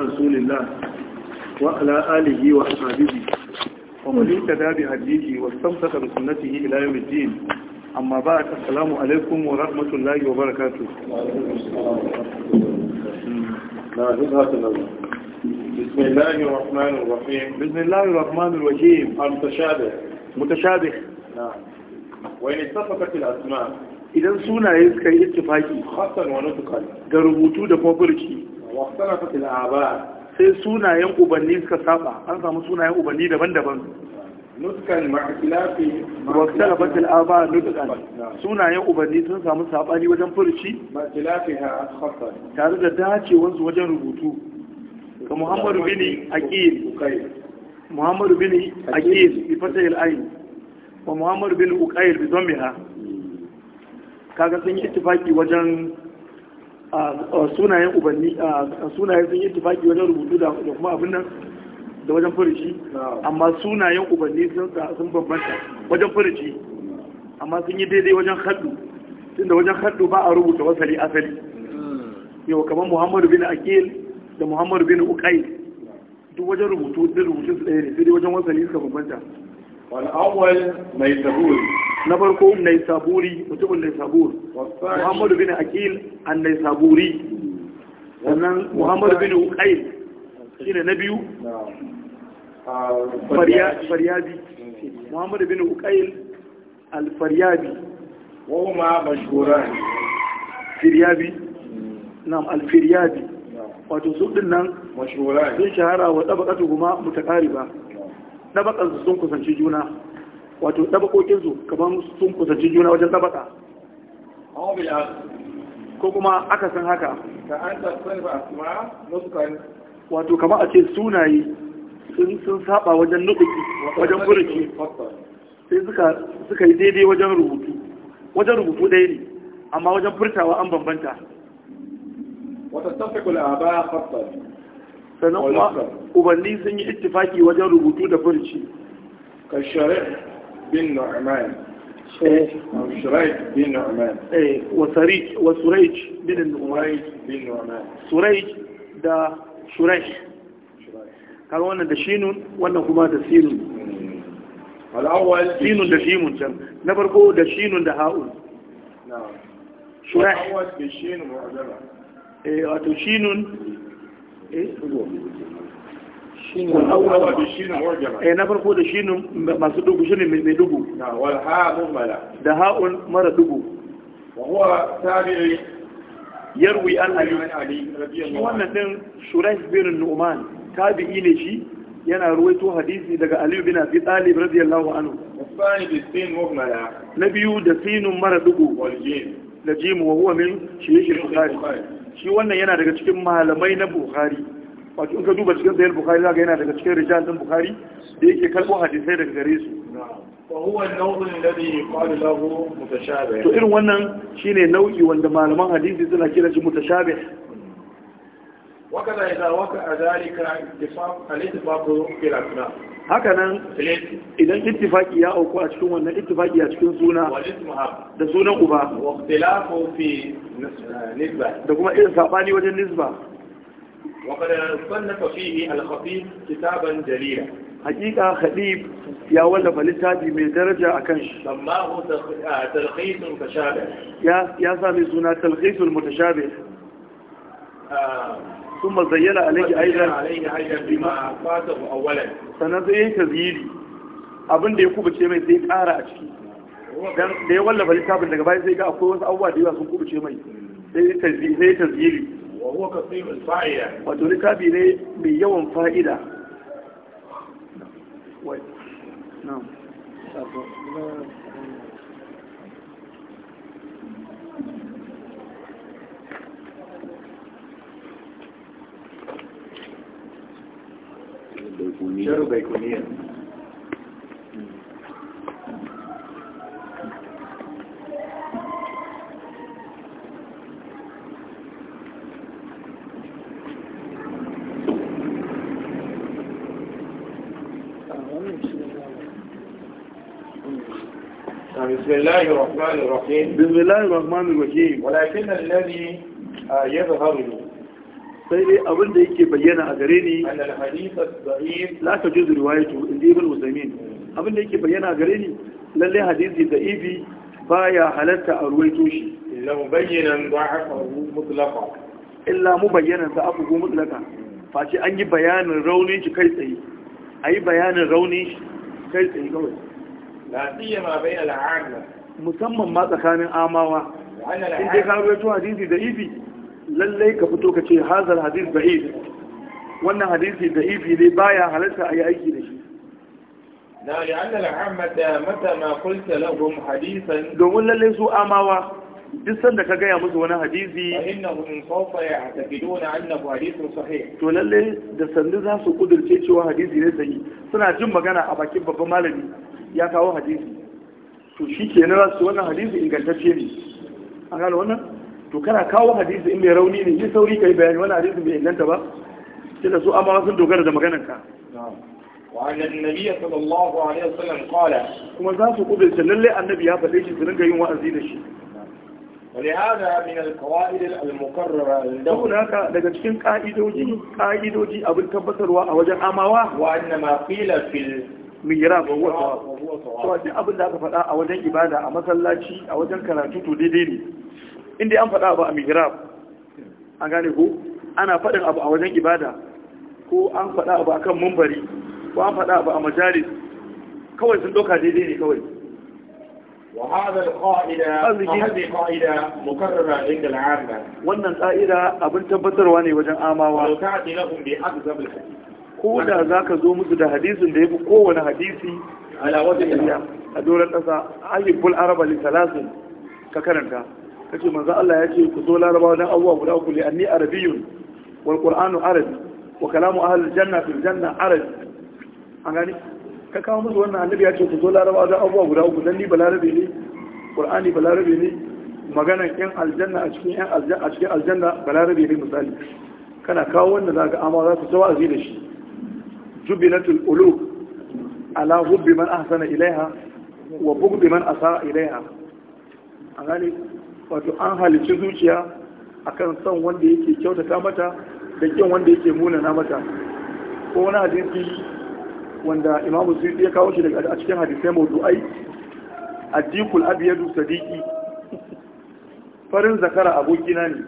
رسول الله وعلى آله وأصحابه ومن اهتدى بهديه واستمسك بسنته إلى يوم الدين أما بعد السلام عليكم ورحمة الله وبركاته بسم الله الرحمن الرحيم بسم الله الرحمن الرحيم المتشابه متشابه نعم وإن اتفقت الأسماء idan sunaye suka yi ittifaki hasan wa nutqan ga rubutu da kuma burki sai sunayen ubanni suka saba an samu sunayen ubanni daban-daban nutkan ma'kilafi waqtalafat al-aba nutkan sunayen ubanni sun samu sabani wajen furci tare da dacewar wajen rubutu ka Muhammadu bin Aqil Muhammadu bin Aqil bi fatah al-ain wa Muhammadu bin Uqayl bi dhammiha kaga sun yi ittifaki wajen sunayen ubanni sunayen sun yi tufaki wajen rubutu da kuma abin nan da wajen furici amma sunayen ubanni sun bambanta wajen furici amma sun yi daidai wajen haddu tunda wajen haddu ba a rubuta wasali asali yau kamar muhammadu bin akil da muhammadu bin ukai duk wajen rubutu duk rubutu su ɗaya ne sai dai wajen wasali suka bambanta والأول نيسابوري نبرك نيسابوري متوب نيسابور محمد بن أكيل النيسابوري محمد بن أكيل إلى نبيو نعم. فريادي محمد بن أكيل الفريادي وهما مشهوران فريادي نعم الفريادي وتزود النام مشهوران في شهر وطبقتهما متقاربة su sun kusanci juna wato ɗabaƙoƙinsu kamar sun kusanci juna wajen ɗabaƙa ko kuma aka san haka wato kama a ce sunaye sun saba wajen nuɗuki wajen furuki sai suka yi daidai wajen rubutu wajen rubutu ɗaya ne amma wajen furtawa an bambanta wata tafi kula ba baya sannan kuma ubanni sun yi ittifaki wajen rubutu da furci ka shari'a bin eh. eh, wa bin da shurayh kaga wannan da shinun wannan kuma da sinun hmm. na farko da shinun da ha'un Eh, eh na farko da shinin masu dugu ne mai dugu da ha'un mara dugu yarwi an ali shi wannan din shuraih bin nu'man tabi'i ne shi yana ruwaito hadisi daga aliyu bin abi talib radiyallahu anhu na biyu da sinun mara dugu da jimu wa huwa min shi yake bukhari shi wannan yana daga cikin malamai na bukhari wato in ka duba cikin sayar bukhari zaka yana daga cikin rijal din bukhari da yake kalbo hadisai daga gare su to irin wannan shine nau'i wanda malaman hadisi suna kira shi mutashabih wakana idan waka azalika ittifaq alittifaqu bil asma hakanan idan ittifaqi ya auku a cikin wannan ittifaqi a cikin suna da sunan uba wa ikhtilafu fi eh, nisba da kuma irin sabani wajen nisba wa kada sannaka fihi al khatib kitaban jalila hakika khatib ya wallafa littafi mai daraja a kan shi sallahu talqisun eh, fashabih ya ya sami suna talqisul mutashabih ah. ثم زين عليه ايضا بما فاته اولا سنزين تزييلي abin da ya kubuce mai zai kara a ciki dan da ya wallafa littafin daga baya zai ga akwai wasu abubuwa da yawa sun kubuce mai sai ta wato littafi ne mai yawan fa'ida بيكونية بيكونية نعم، بسم الله الرحمن الرحيم بسم الله الرحمن الرحيم ولكن الذي آه، يظهر له sai dai abin da yake bayyana a gare ni la ta juzu riwayatu inda ibn usaimin abin da yake bayyana a gare ni lalle hadisi da ibi baya halatta a ruwaito shi illa mubayyanan da'afahu mutlaqa illa mubayyanan da'afahu mutlaqa face an yi bayanin raunin shi kai tsaye ayi bayanin raunin shi kai tsaye kawai la siyama bayna al'ama musamman ma tsakanin amawa inda ka ruwaito hadisi da ibi lallai ka fito ka ce hazar hadis da'if wannan hadisi da'ifi ne baya halarta a yi aiki da shi na li'anna al'ammata mata ma qulta lahum hadisan domin lallai su amawa duk sanda ka gaya musu wani hadisi innahum sawfa ya'taqiduna annahu hadithun sahih to lallai da sandu za su kudurce cewa hadisi ne sahi suna jin magana a bakin babban malami ya kawo hadisi to shikenan za su wannan hadisi ingantacce ne a gano wannan to kana kawo hadisi in mai rauni ne yi sauri kai bayani wani hadisi bai inganta ba sai da su amma sun dogara da maganar ka وأن النبي صلى الله عليه وسلم قال كما ذات قبل سلل النبي هذا ليش سننجا يوم وأزيد الشيء ولهذا من القواعد المكررة عندهم هناك لكن قائدوجي قائدوجي أبو الكبسر وأوجه أماوا وأنما قيل في mihirab wa huwa sawab to duk abin da aka faɗa a wajen ibada a masallaci a wajen karatu to daidai ne inda an faɗa ba a mihrab an gane ko ana faɗin abu a wajen ibada ko an faɗa abu akan mumbari ko an faɗa abu a majalis kawai sun ɗauka daidai ne kawai وهذا القاعدة هذه قاعدة مكررة عند العامة wannan ƙa'ida abin tabbatarwa ne wajen amawa ko da zaka zo musu da hadisin da yafi kowane hadisi ala wajhi a doran kasa ayyul araba li ka karanta kace manzo Allah ya ce ku zo Laraba dan abuwa guda uku li anni arabiyyun wal qur'anu arabi wa kalamu ahli janna fil janna arabi an gani ka kawo musu wannan annabi ya ce ku zo Laraba dan abuwa guda uku dan ni balarabe ne qur'ani balarabe ne maganan yan aljanna a cikin yan aljanna a cikin aljanna balarabe ne misali kana kawo wanda zaka amma za ku tawazi da shi jubilatul ulub ala hubbi man ahsana ilaiha wa bughdi man asaa ilaiha an gani wato an halicci zuciya akan son wanda yake kyautata mata da kyan wanda yake munana mata ko wani hadisi wanda imamu suyuti ya kawo shi daga a cikin hadisai mawdu'ai addikul abiyadu sadiki farin zakara abokina ne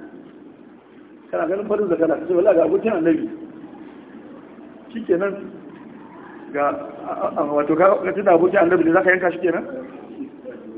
kana ganin farin zakara sai wallahi ga abokin annabi shikenan ga wato ka tuna abokin annabi ne zaka yanka shikenan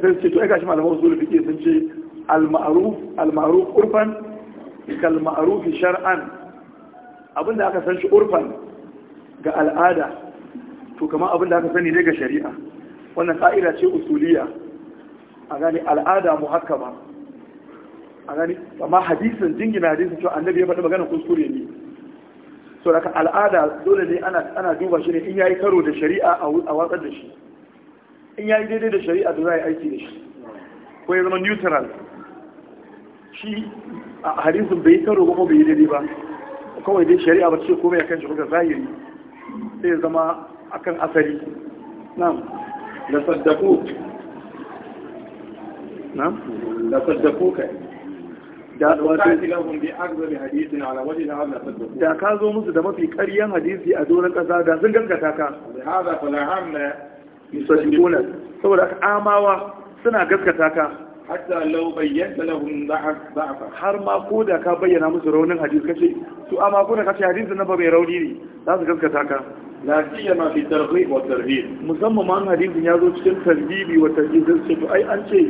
sai ce to ai gashi malaman usul fiqh sun ce al-ma'ruf al-ma'ruf urfan kal ma'ruf shar'an abinda aka san shi urfan ga al'ada to kamar abinda aka sani ne ga shari'a wannan ka'ida ce usuliya a gani al'ada muhakkama a gani amma hadisin jingina hadisin cewa annabi ya faɗi magana kuskure ne so daga al'ada dole ne ana duba shi ne in yayi karo da shari'a a watsar da shi in ya yi daidai da shari'a da za a yi aiki da shi ko ya zama neutral shi a harisun bai karo kuma bai yi daidai ba kawai dai shari'a ba ce komai kan shi kuka zahiri sai ya zama akan asali Na da saddaku na da saddaku da wato da ka zo musu da mafi ƙaryan hadisi a doron ƙasa da sun gaskata ka yusaddiquna saboda amawa suna gaskata ka hatta law bayyana lahum da'afa har ma ko da ka bayyana musu raunin hadisi kace su amma ko da kace hadisi na ba mai rauni ne za su gaskata ka la siyama fi targhib wa tarhib musamman ma hadisin ya zo cikin tarhibi wa tarhib sai to ai an ce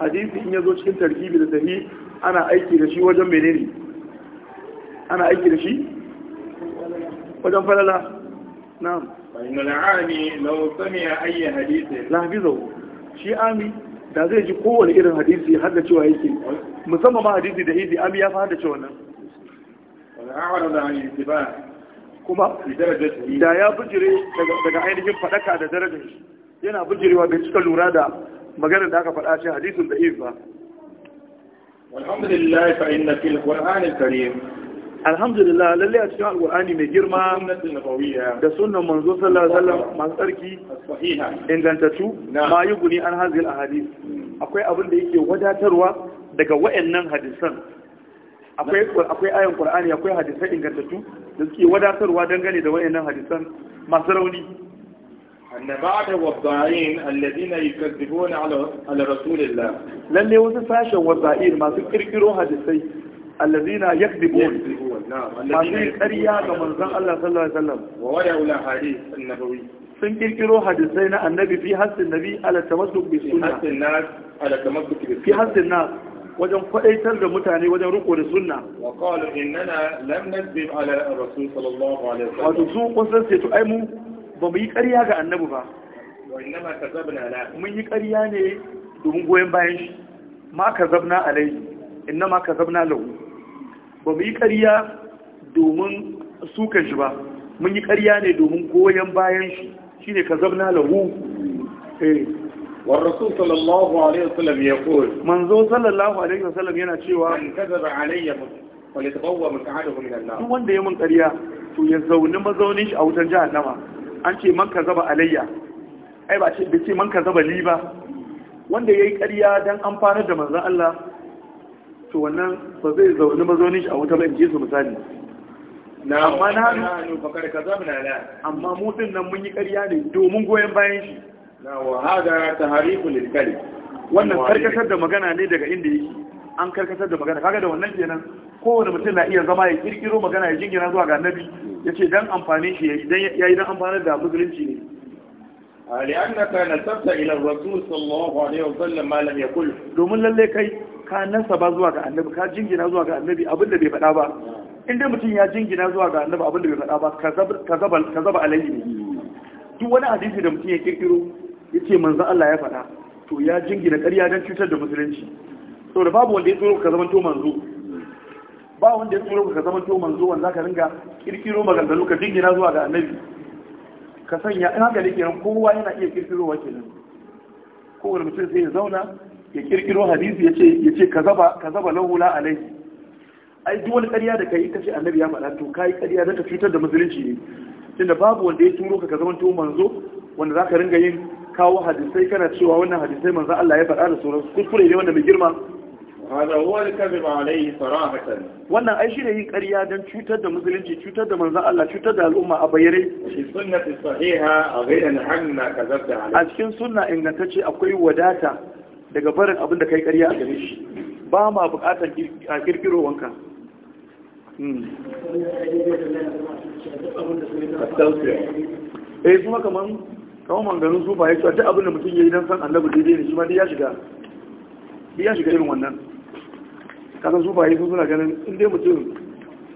hadisi in ya zo cikin tarhibi da tarhib ana aiki da shi wajen menene ana aiki da shi wajen falala na'am fa'in al'ami law sami'a ayyi hadithin la hafizahu shi ami da zai ji kowane irin hadisi har da cewa yake musamman ma hadisi da izi ami ya fi haddace wannan kuma da ya bujire daga ainihin faɗaka da darajar yana bujirewa bai cika lura da magana da aka faɗa shi hadisin da izi ba walhamdulillah fa'in na fil qur'anil karim alhamdulillah lalle a cikin alkur'ani mai girma da sunan manzo sallallahu alaihi wasallam masu tsarki ingantattu ma yi guni an hazil a hadis hmm. akwai abin da yake wadatarwa daga wayannan hadisan akwai akwai ayan qur'ani akwai hadisan ingantattu da suke wadatarwa dangane da wayannan hadisan masu rauni anna ba'da wadda'in alladhina yukazzibuna ala ala rasulillah lalle wasu sashen wadda'in masu kirkiro hadisai allazina yakdibun masu yi ƙarya ga manzon Allah sallallahu alaihi wasallam wa wada ula hadith sun kirkiro hadisai na annabi fi hasin nabi ala tamassuk bi sunna fi hasin nas wajen kwadaitar da mutane wajen riko da sunna wa qalu innana lam nadhib ala rasul sallallahu alaihi wasallam wa su kusan sai to ai mu ba mu yi ƙarya ga annabi ba wa innama kazabna la mun yi ƙarya ne domin goyen bayan shi ma kazabna innama kazabna lahu ba mu yi ƙarya domin sukan shi ba mun yi ƙarya ne domin goyon bayan shi Shi ne ka zabna lahu eh war rasul sallallahu alaihi wasallam ya qul manzo sallallahu alaihi wasallam yana cewa man kadaba alayya falitabawwa maq'adahu min an-nar duk wanda ya mun ƙarya to ya zauni mazaunin shi a wutar jahannama an ce man kazaba alayya ai ba ce da ce man kazaba li ba wanda yayi ƙarya dan amfanar da manzon Allah to wannan ba zai zaune mazaunin shi a wuta ba in ji su misali na amma na hannu bakar ka zamana la amma mu din nan mun yi ƙarya ne domin goyon bayan shi na wa hada taharifu lil kalim wannan karkasar da magana ne daga inda yake an karkasar da magana kaga da wannan kenan kowane mutum na iya zama ya kirkiro magana ya jingina zuwa ga nabi ya ce dan amfani shi ya yi dan amfanar da musulunci ne لأنك نسبت إلى الرسول صلى الله عليه وسلم ما لم يقل دوم lallai كي ka nasaba zuwa ga annabi ka jingina zuwa ga annabi abinda bai faɗa ba inda mutum ya jingina zuwa ga annabi abinda bai faɗa ba ka zaba alayhi ne duk wani hadisi da mutum ya kirkiro ya ce manzan Allah ya faɗa to ya jingina ƙarya don cutar da musulunci sau da babu wanda ya tsoro ka zama to manzo ba wanda ya tsoro ka zama to manzo wanda ka ringa kirkiro maganganu ka jingina zuwa ga annabi ka sanya in haka ne kenan kowa yana iya kirkirowa kenan kowane mutum sai ya zauna ya kirkiro hadisi ya ce ya ce kazaba kazaba lahu la alaihi ai duk wani ƙarya da kai kace annabi ya faɗa to kai ƙarya dan ka cutar da musulunci ne tunda babu wanda ya turo ka ka zama tuwo manzo wanda zaka ringa yin kawo hadisai kana cewa wannan hadisai manzo Allah ya faɗa da sauran kuskure ne wanda mai girma hada huwa al-kadhib alayhi sarahatan wannan ai shi ne yin ƙarya dan cutar da musulunci cutar da manzo Allah cutar da al'umma a bayyare shi sunnati sahiha a ghayr hanna kazabta alayhi a cikin sunna ingantacce akwai wadata daga barin abin da kai karya a gare shi ba ma bukatar a kirkiro wanka hmm. eh kuma kaman kaman manganin su ba ya cewa abin da mutum ya yi don san annabi daidai ne shi ma dai ya shiga irin wannan kasan su ba ya suna ganin inda mutum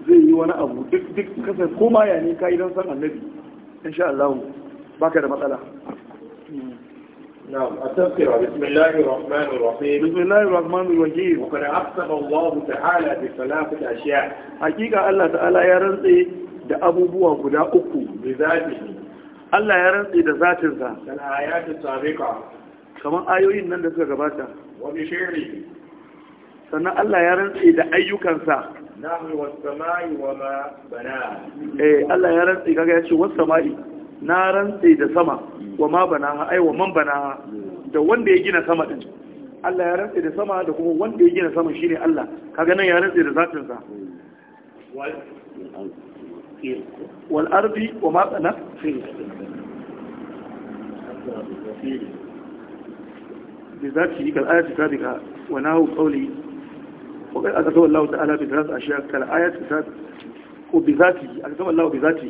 zai yi wani abu duk kasar koma ya ka yi don san annabi in sha Allah ka da matsala hmm. نعم التذكرة بسم الله الرحمن الرحيم بسم الله الرحمن الرحيم وقد أقسم الله تعالى بثلاثة أشياء حقيقة الله تعالى يرنطي da abubuwa guda uku da zafi Allah ya rantsi da zatinsa kamar ayoyin nan da suka gabata shiri sannan Allah ya rantsi da ayyukansa samai bana eh Allah ya rantsi kaga ya ce samai na rantse da sama wa ma bana ai wa man bana da wanda ya gina sama din Allah ya rantse da sama da kuma wanda ya gina sama shine Allah kaga nan ya rantse da zatin sa wal ardi wa ma bana بذاته كالآية السابقة وناه قولي وقد أكتب الله تعالى بثلاث أشياء كالآية السابقة وبذاته أكتب bi zati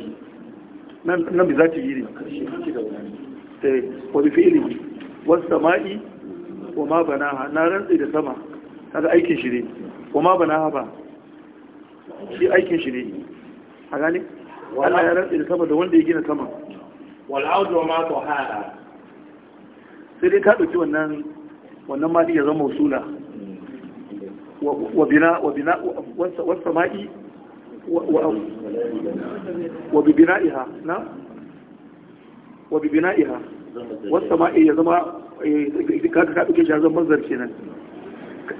nan bai za ta yi ne eh, wa bi fi'ili wasu sama'i wa ma banaha na rantsi da sama kaga aikin shi ne wa ma banaha ba shi aikin shi ne a gane Allah ya rantsi da sama da wanda ya gina sama wal audu ma tahara sai dai ka ɗauki wannan wannan ma ya zama usula wa bina wa bina sama'i وببنائها نعم وببنائها والسماء ya zama kaga eh, ka duke shazan manzar kenan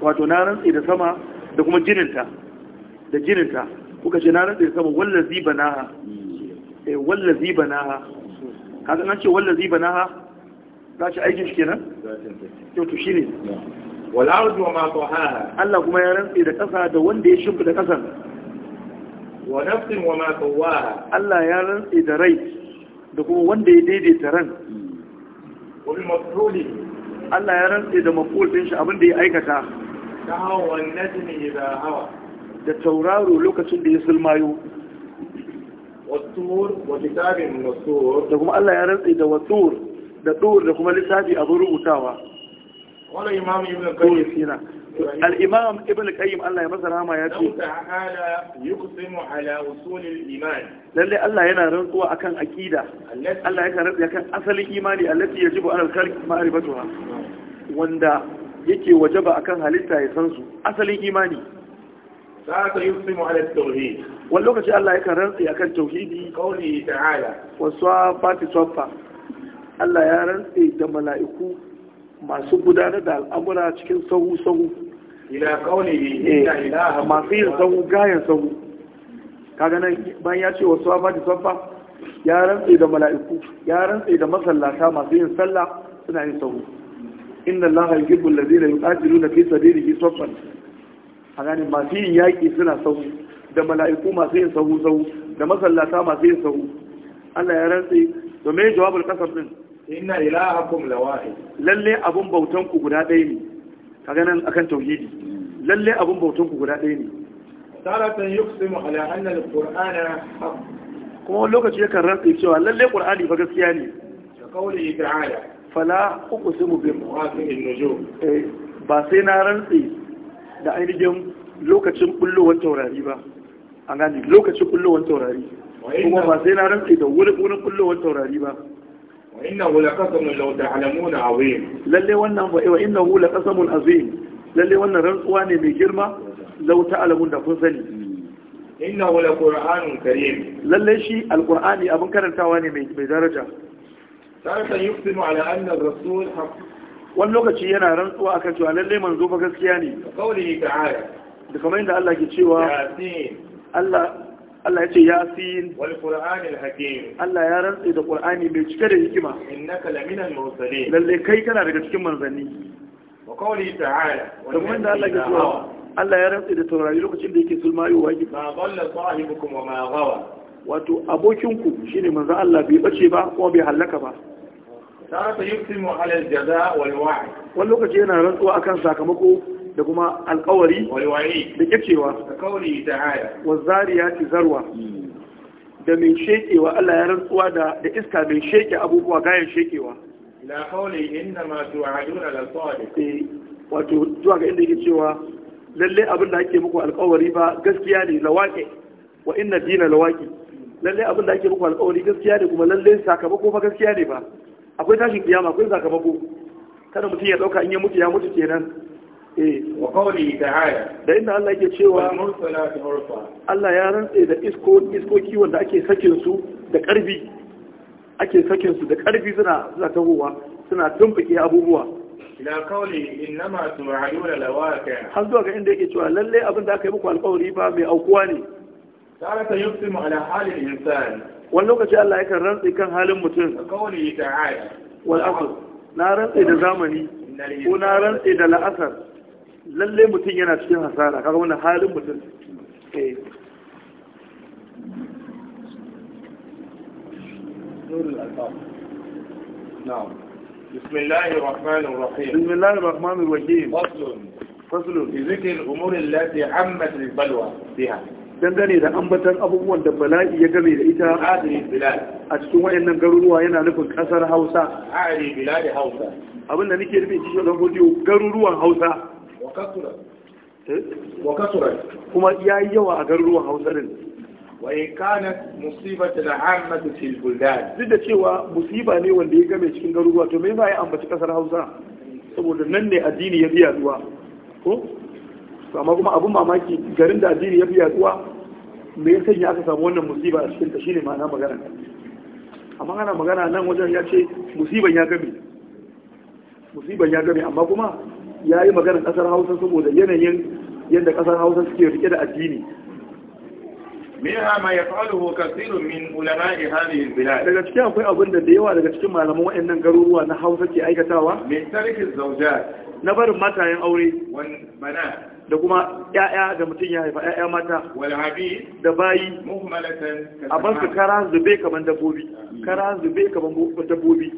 wato na rantsi da sama da kuma jininta da jininta kuka ce na rantsi da sama wallazi banaha eh wallazi ha? kaga na ce wallazi ha za ci aikin shi kenan yau to shine wal ardu wa ma tahaha Allah kuma ya rantsi da kasa da wanda ya da kasan wa nafsin wa ma sawwaha Allah ya rantsi da rai da kuma wanda ya daidaita ran wa bi Allah ya rantsi da maf'ul din shi abin da ya aikata ta hawa wan najmi idha hawa da tauraro lokacin da ya sulmayo والطور وكتاب مسطور da kuma Allah ya rantsi da wasur da tur da kuma lissafi a rubuta rubutawa wannan imam ibn qayyim sina al-imam ibn qayyim Allah ya masa rahama ya ce ta'ala yuqsimu ala usulil iman lalle Allah yana rantsuwa akan aqida Allah ya rantsa akan asalin imani allati yajibu ala al-khalq ma'rifatuha wanda yake wajaba akan halitta ya san asalin imani sa'ata yuqsimu ala at-tauhid wal lokaci Allah ya rantsa akan tauhidi qawli ta'ala wa Allah ya rantsa da mala'iku masu gudanar da al'amura cikin sahu-sahu ila qawlihi eh, inna ilaha masu yin sahu gayan sahu kaga nan bayan ya ce wa safa da sabba ya rantse da mala'iku ya rantse da masallata masu yin sallah suna yin sahu inna allaha yuhibbu alladhina yuqatiluna fi sabilihi saffan a gane masu yin yaƙi suna sahu da mala'iku masu yin sahu sahu da masallata masu yin sahu Allah ya rantse to me jawabul kasar din inna kum lawahid lalle abun bautan ku guda ɗaya ne kaga nan akan tauhidi lalle abun bautan ku guda ɗaya ne taratan yuqsimu ala anna alqur'ana haqq kuma lokaci yakan rantsa cewa lalle qur'ani fa gaskiya ne ka kauli ta'ala fala uqsimu bi mawaqi'in nujum eh ba sai na rantsi da ainihin lokacin bullowar taurari ba an gani lokacin bullowar taurari kuma ba sai na rantsi da wurin bullowar taurari ba wa inna wula kasamun lau ta'alamuna azim lalle wannan rantsuwa ne mai girma lau ta'alamun da kun sani inna wula ƙura'anun karim lalle shi alƙura'ani abin karantawa ne mai daraja tarihin yi sinu al'annar rasuwar haku wani lokaci yana rantsuwa a kacewa lalle manzo fa gaskiya ne da kawai da ta'ala da kamar inda allah ke cewa Allah ya ce yasin wal qur'anil hakim Allah ya rantsa da qur'ani mai cike da hikima innaka laminal mursalin lalle kai kana daga cikin manzanni wa qawli ta'ala wa man da Allah ya ce Allah ya rantsa da taurari lokacin da yake sulmayo wa yake ma dalla sahibukum wa ma wato abokinku shine manzo Allah bai bace ba kuma bai halaka ba ta ta yusimu ala al-jaza wal wani lokaci yana rantsuwa akan sakamako da kuma alƙawari da kecewa wa zariya ci wa zariyati zarwa hmm. da mai shekewa Allah ya rantsuwa da da iska mai sheke abubuwa gayan shekewa ila kauli inna ma tu'aduna al-sadiq eh, wato zuwa ga inda yake cewa lalle abin da ake muku alƙawari ba gaskiya ne lawaqi wa inna dina lawaqi lalle abin da ake muku alƙawari gaskiya ne kuma lalle sakamako fa gaskiya ne ba akwai tashin kiyama akwai sakamako kada mutum ya dauka in ya mutu ya mutu kenan Eh, wa qawli ta'ala da inda Allah yake cewa Allah ya rantse da isko iskoki wanda ake sakin da karbi ake sakin su da ƙarfi suna suna tahowa suna tumbuke abubuwa ila qawli innama tu'aduna lawaqi har zuwa ga inda yake cewa lalle abin da aka yi muku alƙawari ba mai aukuwa ne tarata yusimu ala halil insan wani lokaci Allah yakan rantsi kan halin mutum qawli ta'ala wal asr na rantsi da zamani ko na rantsi da la'asar lalle mutum yana cikin hasara kaga wani halin mutum بسم الله الرحمن الرحيم بسم الله الرحمن الرحيم فصل فصل في ذكر الأمور التي عمت البلوى بها dangane da ambatan abubuwan da bala'i ya game da ita a cikin wayannan garuruwa yana nufin kasar hausa abinda nake nufin cikin don godiyo garuruwan hausa وكثرت كما ياي يوا أغروا هوسرين وإن كانت da العامة في البلدان ضد cewa musiba ne wanda ya game cikin garuruwa to me ba ya ambaci kasar Hausa saboda nan ne addini ya biya zuwa, ko to amma kuma abun mamaki garin da addini ya biya zuwa, me ya sanya aka samu wannan musiba a cikin ta shine ma'ana magana amma ana magana nan wajen ya ce musiban ya gabe musiban ya gabe amma kuma ya yi maganar ƙasar hausa saboda yanayin yadda ƙasar hausa suke rike da addini minha ma yaf'aluhu kathirun min ulama'i hadhihi al-bilad daga cikin akwai abin da da yawa daga cikin malaman wayannan garuruwa na Hausa ke aikatawa min tarihi zawjat na barin matayen aure wan bana da kuma ƴaƴa da mutum ya haifa ƴaƴa mata wal da bayi muhmalatan a bar su kara zube kaman dabbobi kara zube kaman dabbobi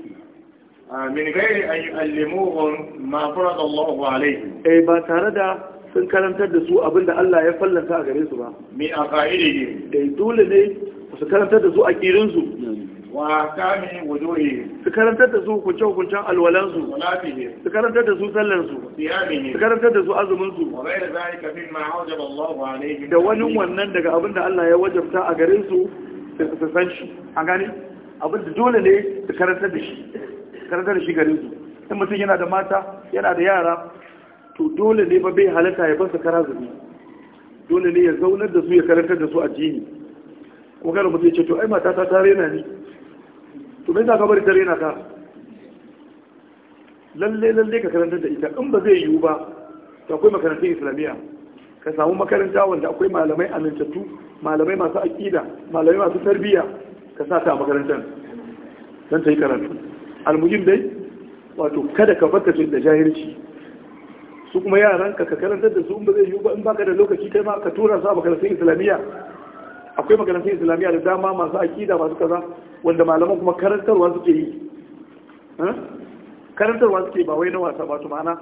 min gairi an yu'allimuhum ma farada Allahu alaihim eh ba tare da sun karantar da su abinda Allah ya fallanta a gare su ba mi aqaidihim eh dole ne su karantar da su a ƙirinsu. wa kami wuduhi su karantar da su kunce kuncen alwalan su su karantar da su sallan su su karantar da su azuminsu. su da wani wannan daga abinda Allah ya wajabta a gare su su san shi A gani? abin da dole ne su karantar da shi karkar shi garin su in mutum yana da mata yana da yara to dole ne ba bai Halitta ya bar kara zubi dole ne ya zaunar da su ya karantar da su jini ko kada mutum ya ce to ai mata ta tare na ni to bai sa ka bari tare na ka lalle lalle ka karantar da ita in ba zai yiwu ba to akwai makarantun islamiyya ka samu makaranta wanda akwai malamai amintattu malamai masu aƙida malamai masu tarbiyya ka sa ta a makarantar don ta yi karatu almuhim dai wato kada ka farka da jahilci su kuma yaran ka karantar da su in ba zai yiwu ba in baka da lokaci kai ma ka tura su a makarantun islamiyya akwai makarantun islamiyya da dama masu akida masu kaza wanda malaman kuma karantarwa suke yi karantarwa suke ba wai na wasa ba to ma'ana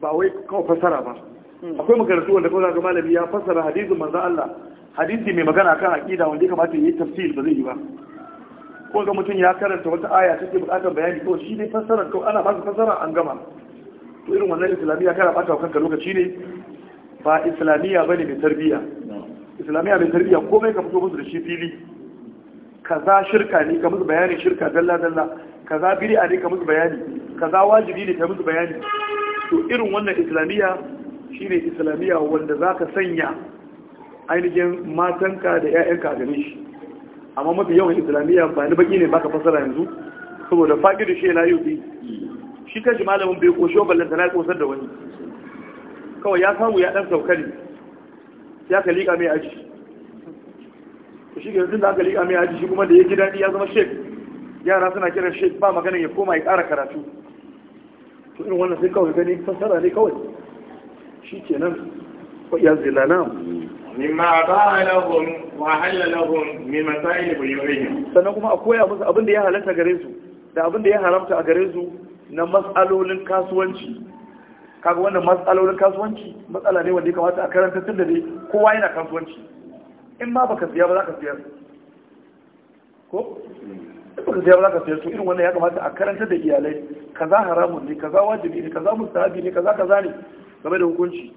ba wai kawai fasara ba hmm. akwai makarantu wanda kawai zaka malami ya fasara hadisin manzo Allah hadisi mai magana kan akida wanda ya kamata ya yi tafsir ba zai yi ba ko ga mutum ya karanta wata aya ke bukatar bayani ko shi ne fassara ko ana ba su fassara an gama to irin wannan islamiyya kana bata wa kanka lokaci ne ba islamiyya bane mai tarbiyya islamiyya mai tarbiyya komai ka fito musu da shi fili kaza shirka ne ka musu bayani shirka dalla dalla kaza bid'a ne ka musu bayani kaza wajibi ne ka musu bayani to irin wannan islamiyya shine islamiyya wanda zaka sanya ainihin matanka da 'ya'yanka a gare shi amma mafi yawan islamiyya ba ni baki ne baka fasara yanzu saboda faɗi da shi yana yi shi shi malamin bai koshi wa ballanta na kosar da wani kawai ya samu ya ɗan saukar ya ka liƙa mai aji shi ga yanzu da aka liƙa mai aji shi kuma da ya ji daɗi ya zama shek yara suna kiran shek ba maganin ya koma ya ƙara karatu to irin wannan sai kawai gani fasara ne kawai shi kenan ko iya zilana mimma ba lahum wa halla lahum min masail buyurihim sannan kuma a koya musu abin da ya halatta gare su da abin da ya haramta a gare su na matsalolin kasuwanci kaga wannan matsalolin kasuwanci matsala ne wanda ya kamata a karanta tun da ne kowa yana kasuwanci in ma baka siya ba za ka siya su, ko in baka siya ba za ka siya su irin wannan ya kamata a karanta da iyalai kaza haramun ne kaza wajibi ne kaza mustahabi ne kaza kaza ne game da hukunci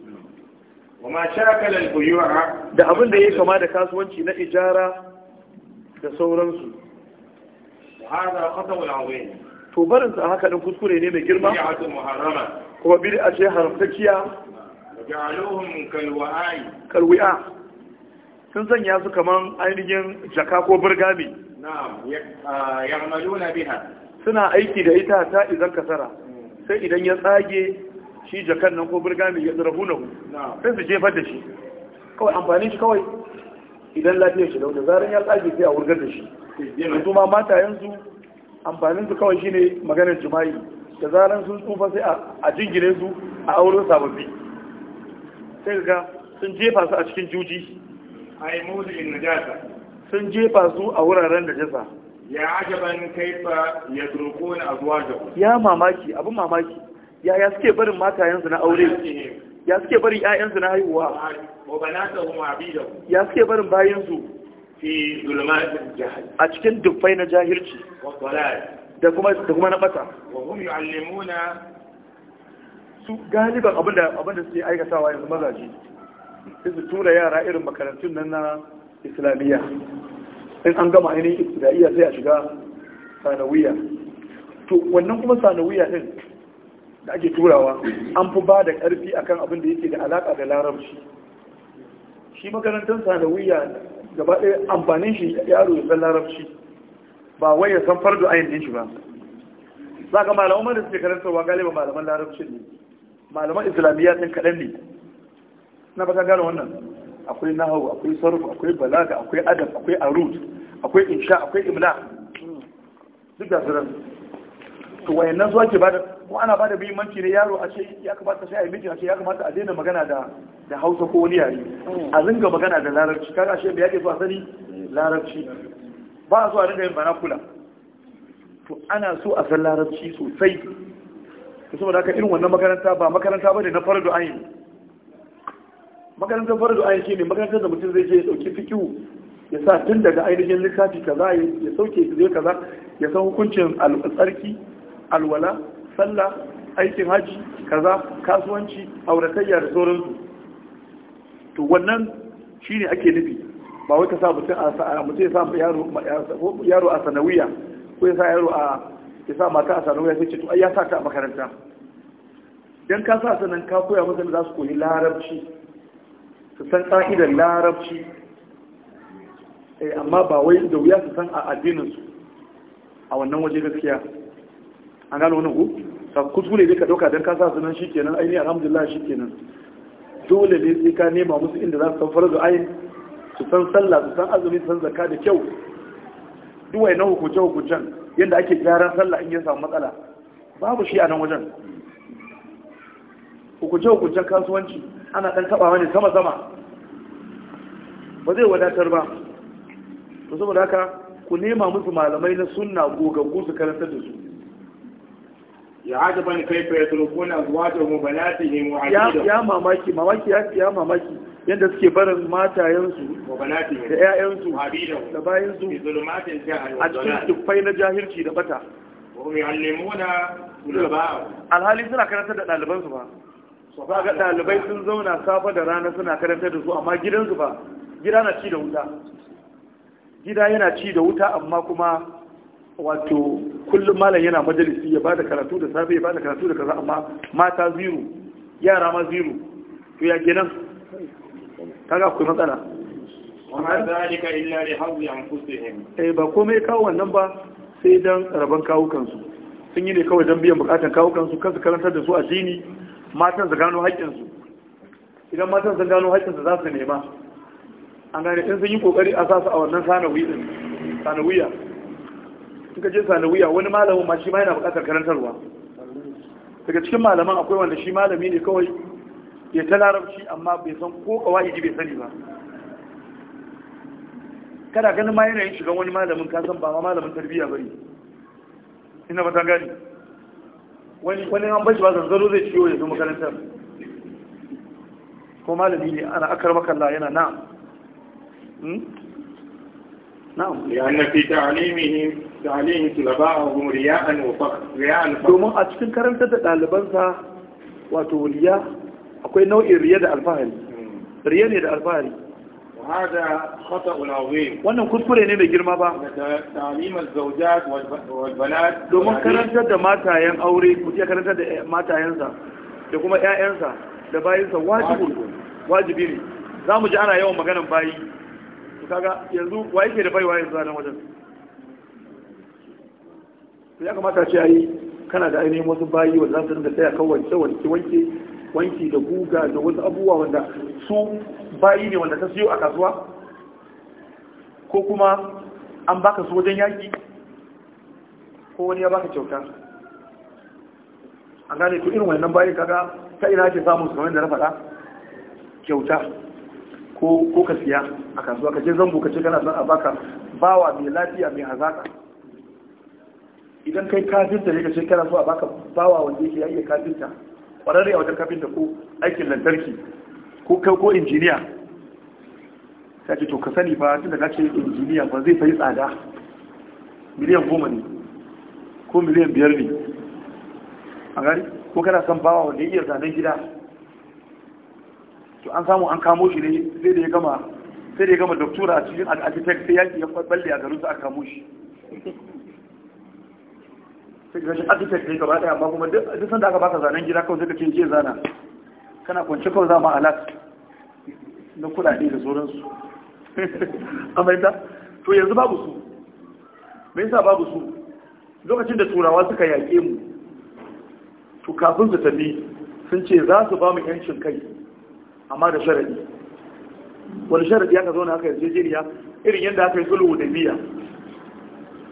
da abin da ya kama da kasuwanci na ijara da sauransu to barinsa a haka ɗin kuskure ne mai girma kuma biri a ce haramtakiya kalwi'a sun sanya su kaman ainihin jaka ko burgami suna aiki da ita ta izan kasara hmm. sai idan ya tsage shi jakan nan ko birgami yadda zarafu na sai su jefar da shi kawai amfani shi kawai idan lafiyar shi da zarar ya tsage sai a wurgar da shi yanzu ma mata yanzu amfanin su kawai shine maganar jima'i da zarar sun tsufa sai a jingine su a auren sababbi sai ga sun jefa su a cikin juji ai mudin najasa sun jefa su a wuraren da jasa ya ajaban kaifa yadrukuna azwajahu ya mamaki abin mamaki yaya suke barin matayensu na aure ya suke barin ƴaƴansu na haihuwa ya suke barin bayansu a cikin dubbai na jahilci da kuma na bata su galiban abinda abinda suke aikatawa yanzu mazaji sai su tura yara irin makarantun nan na islamiyya in an gama ainihin ibtida'iyya sai a shiga sanawiyya to wannan kuma sanawiyya din da ake turawa an fi ba da ƙarfi kan abin da yake da alaƙa da larabci shi makarantar sanawiyya gaba ɗaya amfanin shi yaro ya san larabci ba wai ya san fardu ayin din shi ba za ka malaman da suke karantarwa galiba malaman larabci ne malaman islamiyya ɗin kaɗan ne na ba ta gano wannan akwai nahawu akwai sarf akwai balaga akwai adab akwai arut akwai insha akwai imla duk da su to wayannan zuwa ke bada ko ana bada muhimmanci ne yaro a ce ya kamata sai a yi mijin a ce ya kamata a daina magana da da hausa ko wani yare a zinga magana da larabci kaga shi bai yake zuwa a sani larabci ba a so a dinga yin banakula to ana so a san larabci sosai to saboda haka irin wannan makaranta ba makaranta bane na fardu ayin makaranta fardu ayin shine makarantar da mutum zai je ya dauki fikihu ya sa tun daga ainihin littafi kaza ya sauke zai kaza ya san hukuncin tsarki alwala sallah aikin haji kaza kasuwanci auratayya da sauransu to wannan shine ake nufi ba wai ka sa mutum a mutum ya sa yaro yaro a sanawiya ko ya sa yaro a ya sa mata a sanawiya sai ce to ai ya sa ta a makaranta dan ka sa sanan ka koya masa da za su koyi larabci su san ka'idar larabci eh, amma ba wai da wuya su san a addininsu a wannan waje gaskiya an gano wani ku kuskure ne ka dauka don kasa sunan shi kenan aini alhamdulillah shi kenan dole ne sai ka nema musu inda za su san farzu ayin su san sallah su san azumi su san zakka da kyau duk wai nan hukunce hukuncen yadda ake gyaran sallah in ya samu matsala babu shi a nan wajen hukunce hukuncen kasuwanci ana dan taba ne sama sama ba zai wadatar ba to saboda haka ku nema musu malamai na sunna gogaggu su karantar da su ya ajaban yatrukuna azwajahum banatihim wa ya mamaki mamaki ya ya mamaki yadda suke barin matayensu da 'ya'yansu da bayansu a cikin tuffai na jahilci da bata alhali suna karantar da ɗalibansu ba ba ga ɗalibai sun zauna safa da rana suna karantar da su amma gidansu ba gida na ci da wuta gida yana ci da wuta amma kuma wato kullum malam yana majalisi ya bada karatu da safe ya bada karatu da kaza amma mata zero yara ma zero to ya kenan kaga ku matsala wannan zalika illa li hawli anfusihim eh ba komai kawo wannan ba sai dan rabon kawo kansu sun yi ne kawai dan biyan bukatun kawo kansu kansu karantar da su addini matan su gano haƙƙin su idan matan sun gano haƙƙin su za su nema an gane in sun yi kokari a sasu a wannan sanawi sanawiya suka ka je sanawiya wani malamin ma shi ma yana buƙatar karantarwa daga cikin malaman akwai wanda shi malami ne kawai ya ta larabci amma bai san ko kawai bai sani ba kada ganin ma yanayin shiga wani malamin ka san ba ma malamin tarbiyya ba ne ina ba ta gani wani wani an bashi ba zanzaro zai ciwo ya zo makarantar ko malami ne ana akar makalla yana na لأن في تعليمهم تعليم طلبائهم رياء وفقر رياء وفقر domin a cikin karantar da ɗalibansa wato riya akwai nau'in riya da alfahari hmm. ne da alfahari wannan kuskure ne mai girma ba domin karantar da matayen aure mutum ya karantar da eh, matayensa da kuma ƴaƴansa da bayinsa wajibi wajibi ne zamu ji ana yawan maganan bayi kaga yanzu wa yake da baiwa yanzu nan wajen to ya kamata ce ai kana da ainihin wasu bayi wanda za su dinga tsaya kawai sai wanke wanke wanki da guga da wasu abubuwa wanda su bayi ne wanda ta siyo a kasuwa ko kuma an baka su wajen yaki ko wani ya baka kyauta an gane to irin wannan bayin kaga ta ina ake samun su kamar da na faɗa kyauta ko ka siya a kasuwa ka ce zan ka ce kana son a baka bawa mai lafiya mai hazaka idan kai kafinta ne ka ce kana so a baka bawa wanda yake ya iya kafinta kwararre a wajen kafinta ko aikin lantarki ko kai ko injiniya ta ce to ka sani ba tun da kace injiniya ba zai fai tsada miliyan goma ne ko miliyan biyar ne a gari ko kana son bawa wanda ya iya zanen gida to an samu an kamo shi ne sai da ya gama sai da ya gama doktora a cikin architect sai yaki ya balle a garin sa aka kamo shi sai ga shi architect ne gaba daya amma kuma duk sanda aka baka zanen gida kawai sai ka ce je zana kana kwance kawai za ma alat na kudade da sauransu amurka to yanzu babu su me yasa babu su lokacin da turawa suka yaƙe mu to kafin su tafi sun ce za su ba mu yancin kai amma da sharadi wani sharadi aka na aka yarjejeniya irin yadda aka yi sulhu da biya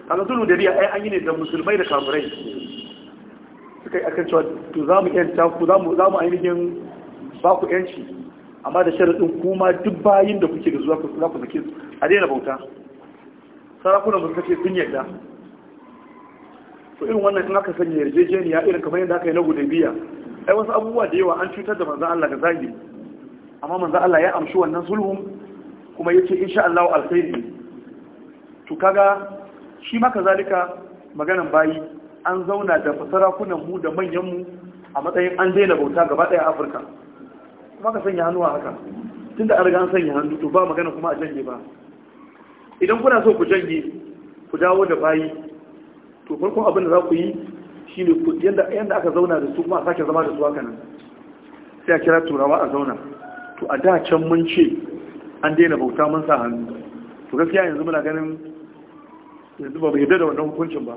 kaga sulhu da biya ai an yi ne da musulmai da kamurai suka yi akan cewa to za mu yanta ku za mu za mu ainihin ba ku yanci amma da sharadin kuma duk bayin da kuke da zuwa ku za ku sake a daina bauta sarakunan ba su kace sun yarda to irin wannan in aka sanya yarjejeniya irin kamar yadda aka yi na gudabiya ai wasu abubuwa da yawa an cutar da manzon Allah ga zagi amma manzo Allah ya amshi wannan sulhun kuma yace insha Allah alkhairi to kaga shi maka zalika maganan bayi an zauna da kunan mu da manyan mu a matsayin an daina bauta gaba daya Afirka kuma ka sanya hannu a haka tunda an riga an sanya hannu to ba magana kuma a janye ba idan kuna so ku janye ku dawo da bayi to farkon abin da za ku yi shi ne yadda aka zauna da su kuma a sake zama da su haka nan sai a kira turawa a zauna to a da can mun ce an daina bauta mun sa hannu to gaskiya yanzu muna ganin yanzu ba bai da wannan hukuncin ba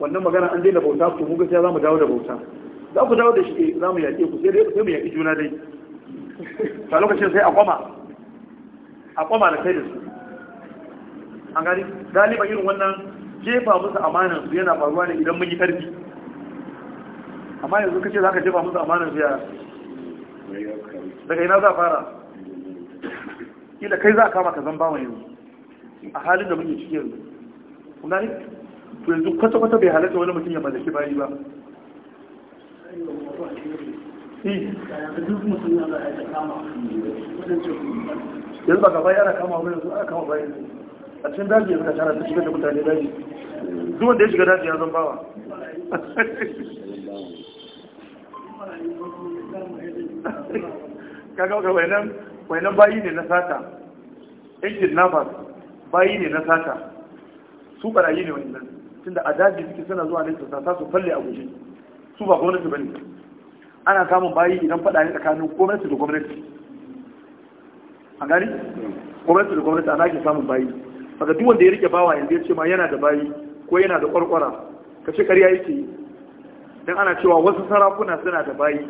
wannan magana an daina bauta ko mu gaskiya za mu dawo da bauta za ku dawo da shi eh, za mu yaƙe ku sai dai sai mu yaƙi juna dai a lokacin sai a kwama a kwama da kai da su an gani galiba irin wannan jefa musu amanan su yana faruwa ne idan mun yi karfi amma yanzu kace za ka jefa musu amanan su ya daga ina za fara kila kai za a kama ka zan mai yau? a halin da muke ciki yanzu kuma ne to yanzu kwata-kwata bai halatta wani mutum ya mallaki bayi ba eh. yanzu ba gaba yana kama wani yanzu ana kama bayi a cikin daji yanzu ka tara ta shiga da mutane daji duk wanda ya shiga daji ya zan bawa kaga ga wainan wainan bayi ne na sata injin kidnappers bayi ne na sata su barayi ne wannan tunda a daji suke suna zuwa ne su sata su falle a guje su ba gwamnati bane ana samun bayi idan fada ne tsakanin gwamnati da gwamnati a gani gwamnati da gwamnati ana ke samun bayi daga duk wanda ya rike bawa yanzu ya ce ma yana da bayi ko yana da kwarkwara ka ce karya yake dan ana cewa wasu sarakuna suna da bayi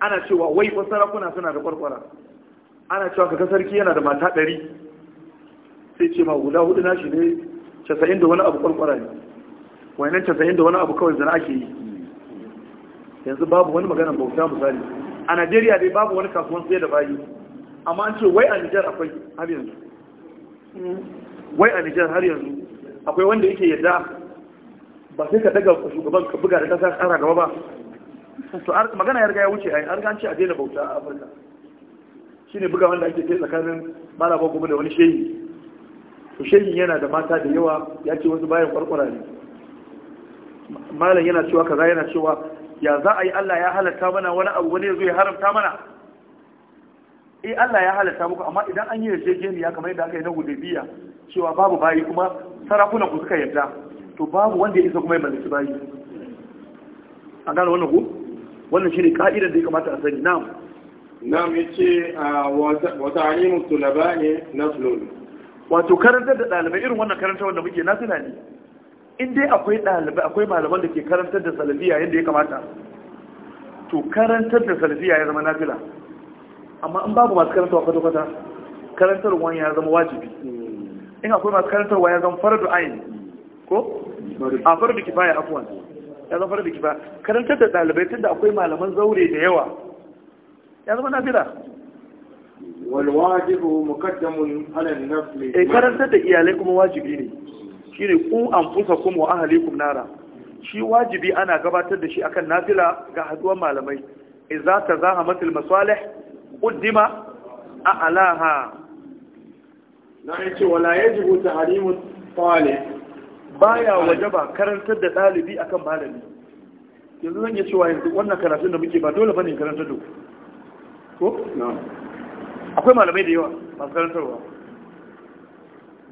ana cewa wai wasu sarakuna suna da kwarkwara ana cewa kaka sarki yana da mata ɗari sai ce ma guda hudu nashi ne casa'in da wani abu kwarkwara ne nan casa'in da wani abu kawai zana ake yi yanzu babu wani magana bauta misali a najeriya dai babu wani kasuwan sai da bayi amma an ce wai a nijar akwai har yanzu wai a nijar har yanzu akwai wanda yake yadda ba sai ka daga shugaban ka buga da kasa kara gaba ba to magana ya riga ya wuce ai an ga ce a daina bauta a Afirka shine buga wanda ake kai tsakanin malaba kuma da wani shehi to shehi yana da mata da yawa ya ce wasu bayan kwarkwara ne malam yana cewa kaza yana cewa ya za a yi Allah ya halatta mana wani abu wani ya zo ya haramta mana eh Allah ya halatta muku amma idan an yi yarjejeniya kamar yadda aka yi na hudabiya cewa babu bayi kuma sarakuna ku suka yarda to babu wanda ya isa kuma ya mallaki bayi an gane wannan ku wannan shi ne ka'idar da ya kamata a sani na'am na'am yace wa ne na flori wato karantar da dalibai irin wannan karantar wanda muke nasila ne in dai akwai dalibai akwai malaman da ke karantar da salafiya yadda ya kamata to karantar da salafiya ya zama nafila amma in babu masu karantarwa kwata-kwata wani ya zama wajibi hmm. in akwai masu karantarwa ya zama faradu ayin ko a faradu kifaya afuwan ya zama farbi ba karantar da ɗalibai tunda akwai malaman zaure da yawa ya zama nafila walwajibu muqaddamun ala an-nafli eh karantar da iyalai kuma wajibi ne shine ku anfusakum wa ahlikum nara shi wajibi ana gabatar da shi akan nafila ga haduwar malamai idza tazahamatil masalih qaddima a'laha na yace wala yajibu tahrimu talib baya wajaba karantar da ɗalibi akan malami yanzu zan yi cewa yanzu wannan karatun da muke ba dole bane karantar da ko akwai malamai da yawa masu karantarwa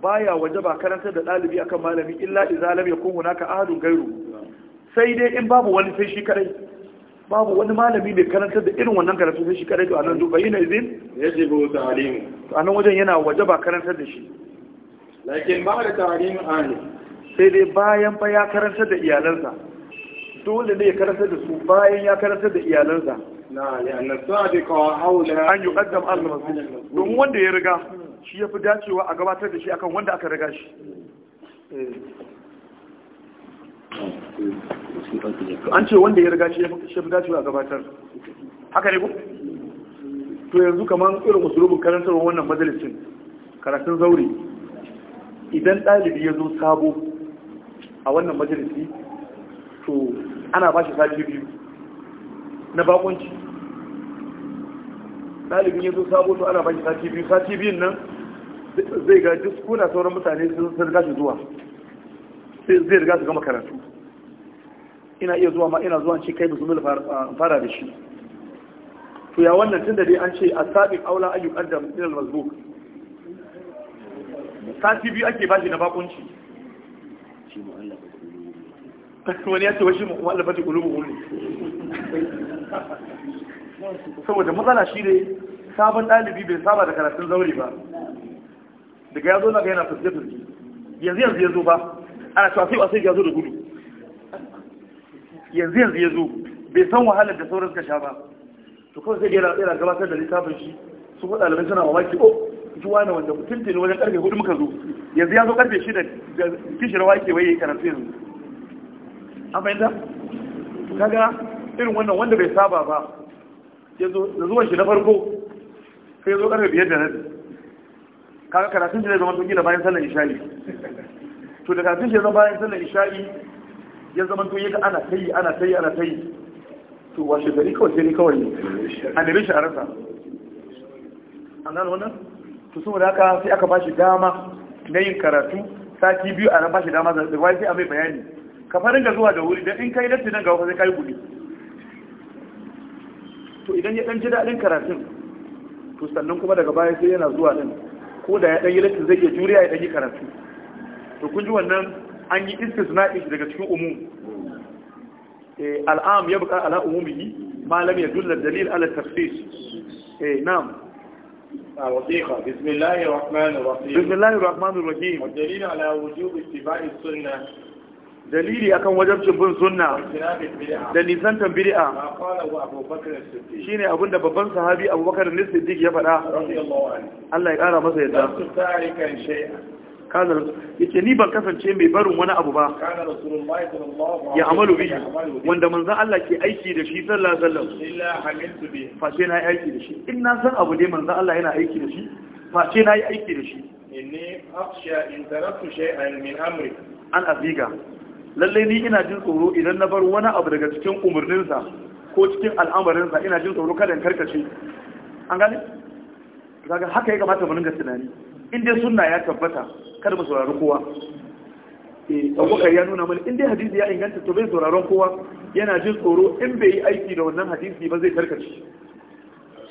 baya wajaba karantar da ɗalibi akan malami illa idza lam yakun hunaka ahadun gairu sai dai in babu wani sai shi kadai babu wani malami mai karantar da irin wannan karatu sai shi kadai to anan duba yana izin yajibu ta'lim anan wajen yana wajaba karantar da shi lakin ba da ta'lim ahli sai dai bayan fa ya karanta da iyalansa dole ne ya karanta da su bayan ya karanta da iyalansa an yi ƙaddam al-masu domin wanda ya riga shi ya fi dacewa a gabatar da shi akan wanda aka riga shi an ce wanda ya riga shi ya fi dacewa a gabatar haka ne ku? to yanzu kamar irin musulubin karantar wannan majalisin karatun zaure idan ɗalibi ya zo sabo a wannan majalisi to ana ba shi sati biyu na bakunci ɗalibin ya zo sabo to ana ba shi sati biyu sati biyun nan zai ga duk kuna sauran mutane sun riga shi zuwa zai riga su gama karatu ina iya zuwa ma ina zuwa ce kai musulmi fara da shi to ya wannan tun da dai an ce a sabi aula ayyukan da mutum mazbuk sati biyu ake bashi na bakunci wani ya ce wasu saboda matsala shi ne sabon ɗalibi bai saba da karatun zaure ba daga ya zo na ga yana fuske fuske yanzu yanzu ya zo ba ana cewa sai wasai ya zo da gudu yanzu yanzu ya zo bai san wahalar da sauran suka sha ba to kawai sai yana gabatar da littafin shi su faɗa ɗalibai suna mamaki o. Oh, juwa na wanda ne wajen karfe hudu muka zo yanzu ya zo karfe shida da kishirwa ke waye karatu yanzu an fahimta kaga irin wannan wanda bai saba ba ya zo da zuwan shi na farko sai ya zo karfe biyar da rabi kaga karatun shi zama tunki da bayan sallar isha'i to da karatun shi zama bayan sallar isha'i ya zama to yaga ana tayi ana tayi ana tayi to washe gari kawai sai ne kawai ne. a nemi shi a rasa an gano wannan to da haka sai aka bashi dama na yin karatu sati biyu a nan bashi dama da wai sai a mai bayani ka farin da zuwa da wuri dan in kai latti nan gaba sai kai gudu to idan ya dan ji karatun to sannan kuma daga baya sai yana zuwa din ko da ya dan yi zai iya juriya ya dan yi karatu to kun ji wannan an yi ɗin daga cikin umum eh, al'am ya buƙa ala umumihi malam ya yadulla dalil ala tafsir eh na'am وثيقة بسم الله الرحمن الرحيم بسم الله الرحمن dalili akan wajabcin bin sunna da nisantan bid'a shine abinda babban sahabi Abubakar Siddiq ya faɗa Allah ya ƙara masa yadda kanar yake ni ban kasance mai barin wani abu ba ya amalu bihi wanda manzon Allah ke aiki da shi sallallahu alaihi wasallam illa hamiltu bi fa sai na yi aiki da shi in na san abu dai manzon Allah yana aiki da shi fa sai na yi aiki da shi inni akhsha in taraktu shay'an min amri an aziga lalle ni ina jin tsoro idan na bar wani abu daga cikin umurninsa ko cikin al'amarinsa ina jin tsoro kada in karkace an gane kaga haka ya kamata mu dinga tunani inda suna ya tabbata 'Kar mu saurari kowa eh, abubakar ya nuna mana. inda hadisi ya inganta to bai sauraron kowa yana jin tsoro in bai yi aiki da wannan hadisi ba zai karkace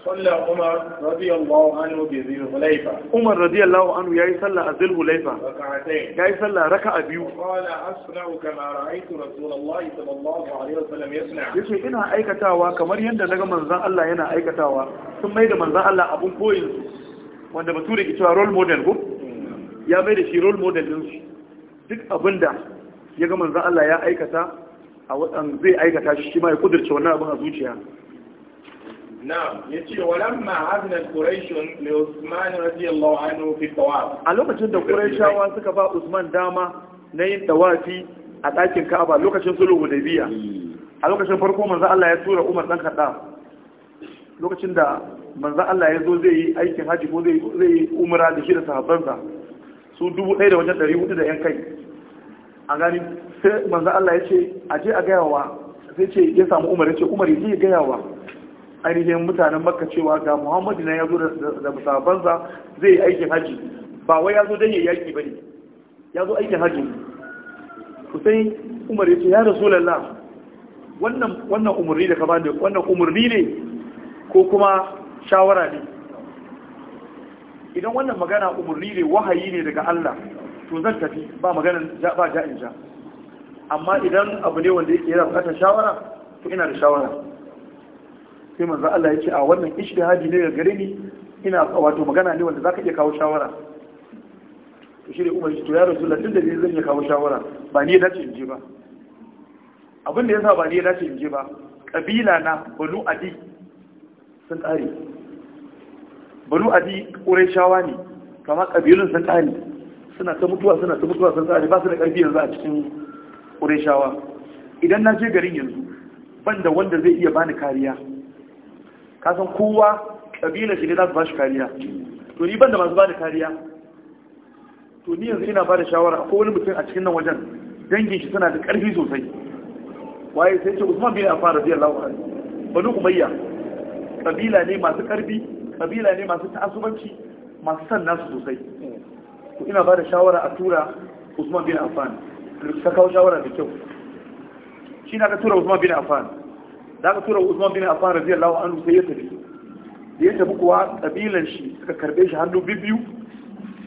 sallah umar radiyallahu anhu bi zil hulaifa umar radiyallahu anhu yayi sallah azil hulaifa raka'atayn yayi sallah raka'a biyu qala ina aikatawa kamar yanda naga manzon Allah yana aikatawa sun mai da Allah abun koyin wanda bature ke cewa role model ko hmm. ya mai da shi role model din shi duk abinda ya ga manzon Allah ya aikata a wadan zai aikata shi ma ya kudurce wannan abin a zuciya walamma quraish li usman radiyallahu anhu fi tawaf a lokacin da quraishawa suka ba usman dama na yin tawafi a ɗakin Ka'aba lokacin sulhu Hudaybiya hmm. a lokacin farko manzo Allah ya tura Umar dan Khattab lokacin da manzan Allah ya zo zai yi aikin haji ko zai yi umara da shi da sahabbansa su dubu ɗaya da wajen ɗari hudu da yan kai a gani sai manzan Allah ya ce a je a gayawa. sai ce ya samu umar ya ce umar ya je gaya wa ainihin mutanen makka cewa ga muhammadu na ya zo da sahabbansa zai yi aikin haji ba wai ya zo don yi yaƙi ba ne ya zo aikin haji sai umar ya ce ya rasulallah wannan umarni da ka bani wannan umarni ne ko kuma shawara ne idan wannan magana umarni ne wahayi ne daga Allah to zan tafi ba maganan ba ja'in ja amma idan abu ne wanda yake yana bukatar shawara to ina da shawara sai manzo Allah ya ce a wannan ishtihadi ne daga gare ni ina wato magana ne wanda zaka iya kawo shawara to shi ne umar to ya rasu tun da zan iya kawo shawara ba ni ya dace in je ba abin da yasa ba ni ya dace in je ba kabila na banu adi sun ƙare banu adi shawa ne kama ƙabilun sun ƙare suna ta mutuwa suna ta mutuwa sun ƙare ba su da ƙarfi yanzu a cikin shawa. idan na je garin yanzu ban da wanda zai iya bani kariya kasan kowa ƙabila shi ne za su ba shi kariya to ni ban da masu bani kariya to ni yanzu ina ba da shawara ko wani mutum a cikin nan wajen dangin shi suna da ƙarfi sosai waye sai ce usman bin affan radiyallahu anhu banu umayya kabila ne masu karbi kabila ne masu ta'asubanci masu san nasu sosai to ina ba da shawara a tura Usman bin Affan ka kawo shawara da kyau shi na ka tura Usman bin Affan da ka tura Usman bin Affan radiyallahu anhu sai ya tafi da ya tafi kuwa kabilan shi suka karbe shi hannu biyu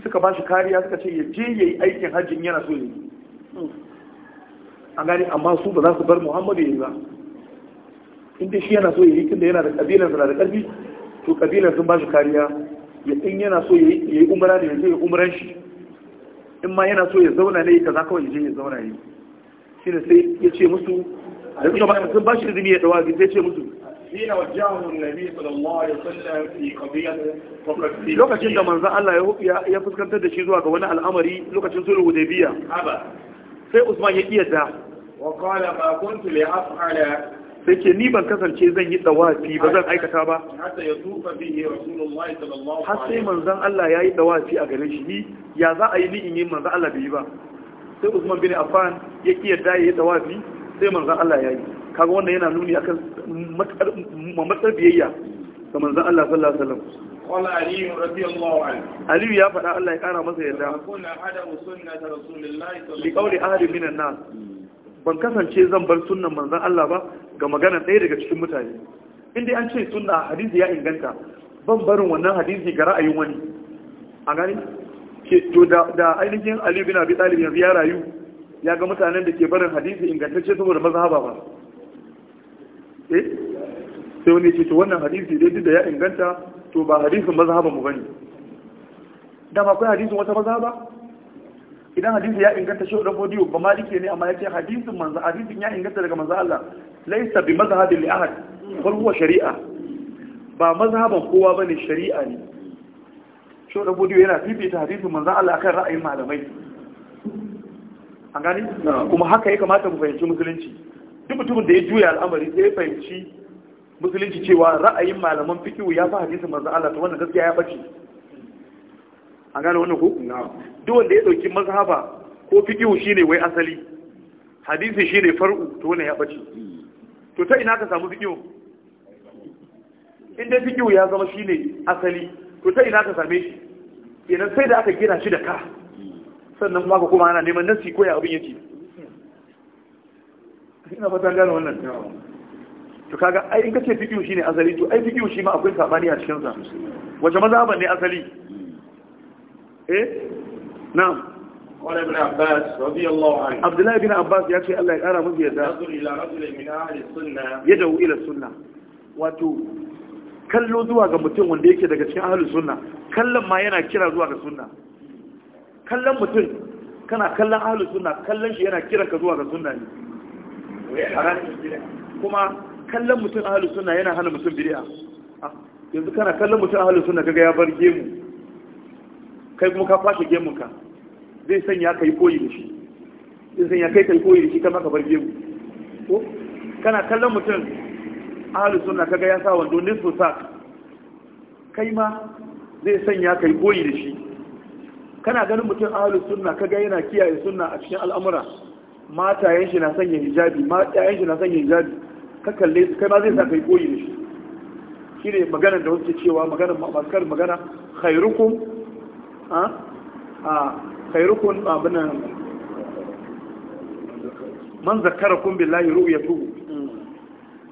suka ba shi kariya suka ce ya je yayi aikin hajjin yana so ne an gani amma su ba za su bar Muhammadu ya yi ba in dai shi yana so yayi tunda yana da kabilan da da karfi to kabilan sun ba shi kariya ya in yana so yayi umra ne yayi umran shi in ma yana so ya zauna ne kaza kawai je ya zauna shi ne sai ya ce musu da kuma ba sun ba shi izini ya dawa sai ce musu hina wajjahu nabi sallallahu alaihi wasallam fi qadiyat lokacin da manzo Allah ya fuskantar da shi zuwa ga wani al'amari lokacin sulhu hudaybiya sai Usman ya kiyata وقال ما كنت لأفعل sai ke ni ban kasance zan yi dawafi ba zan aikata ba har sai manzan Allah ya yi dawafi a gare shi ni ya za a yi ni in yi manzan Allah bai yi ba sai Usman bin Affan ya ki da ya yi dawafi sai manzan Allah ya yi kaga wanda yana nuni a kan matsar biyayya ga manzan Allah sallallahu alaihi wasallam قال علي رضي الله عنه علي يا فدا الله يقرا masa yadda kun hada sunnat rasulullahi sallallahu alaihi wasallam bi qawli ahli minan nas ban kasance zan bar sunnan manzon Allah ba ga magana ɗaya daga cikin mutane inda an ce suna hadisi ya inganta ban barin wannan hadisi ga ra'ayin wani a gani ke to da ainihin Aliyu bin Abi Talib yanzu ya rayu ya ga mutanen da ke barin hadisi ingantacce saboda mazhaba ba eh sai wani ce to wannan hadisi dai duk da ya inganta to ba hadisin mazhaba mu bane da ba kai hadisin wata mazhaba idan hadisi ya inganta shi da bodiyo ba malike ne amma yace hadisin manzo hadisin ya inganta daga manzo Allah laisa bi mazhabin li ahad bal huwa shari'a ba mazhaban kowa bane shari'a ne sho da bodiyo yana fifita hadisin manza, Allah akan ra'ayin malamai an gani kuma haka ya kamata mu fahimci musulunci duk mutumin da ya juya al'amari sai ya fahimci musulunci cewa ra'ayin malaman fiqh ya fi hadisin manza Allah to wannan gaskiya ya bace an gani wannan ko duk wanda ya dauki mazhaba ko fiqh shine wai asali hadisi shine far'u to wannan ya bace to ta ina ka samu fikihu in dai fikihu ya zama shi ne asali to ta ina ka same shi kenan sai da aka gina shi da ka sannan kuma ka kuma ana neman nasi ko ya abin yake ina fata gane wannan to kaga ai in kace shi shine asali to ai fikihu shi ma akwai sabani a cikin sa wace mazhaban ne asali eh na'am abdullahi bin abbas ya ce allah ya kara musu yadda ya dawo ila sunna wato kallo zuwa ga mutum wanda yake daga cikin ahalin sunna kallon ma yana kira zuwa ga sunna kallon mutum kana kallon ahalin sunna kallon shi yana kiran ka zuwa ga sunna ne kuma kallon mutum ahalin sunna yana hana mutum bid'a yanzu kana kallon mutum ahalin sunna kaga ya bar gemu kai kuma ka fashe gemun ka zai sanya ka yi koyi da shi zai sanya kai yi koyi da shi kama ka bar gemu ko kana kallon mutum ahalus suna kaga ya sa wando nisfu sa kai ma zai sanya ka yi koyi da shi kana ganin mutum ahalus suna kaga yana kiyaye suna a cikin al'amura matayen shi na sanya hijabi matayen shi na sanya hijabi ka kalle su kai ma zai sa ka yi koyi da shi Shi ne maganar da wasu cewa maganar masu magana khairukum a ah, ah, khairukum abuna man zakarakum billahi ru'yatuhu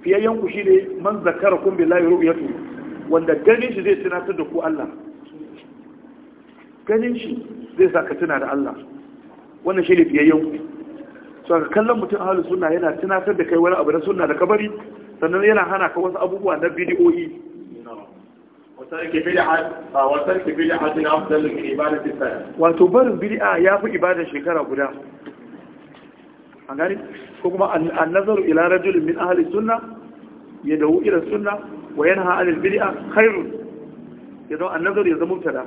fiyayyen ku shine man zakarakum billahi ru'yatuhu wanda ganin shi zai tunatar da ku Allah ganin shi zai saka tuna da Allah wannan shine fiyayyen ku so ka kallon mutum ahlus sunna yana tunatar da kai wani abu na sunna da kabari sannan yana hana ka wasu abubuwa na bidiyoyi wato barin bid'a ya fi ibadar shekara guda an gani ko kuma an nazaru ila rajulin min ahli sunna ya dawo ila sunna wa yanha anil bid'a khairun ya zama an nazaru ya zama tada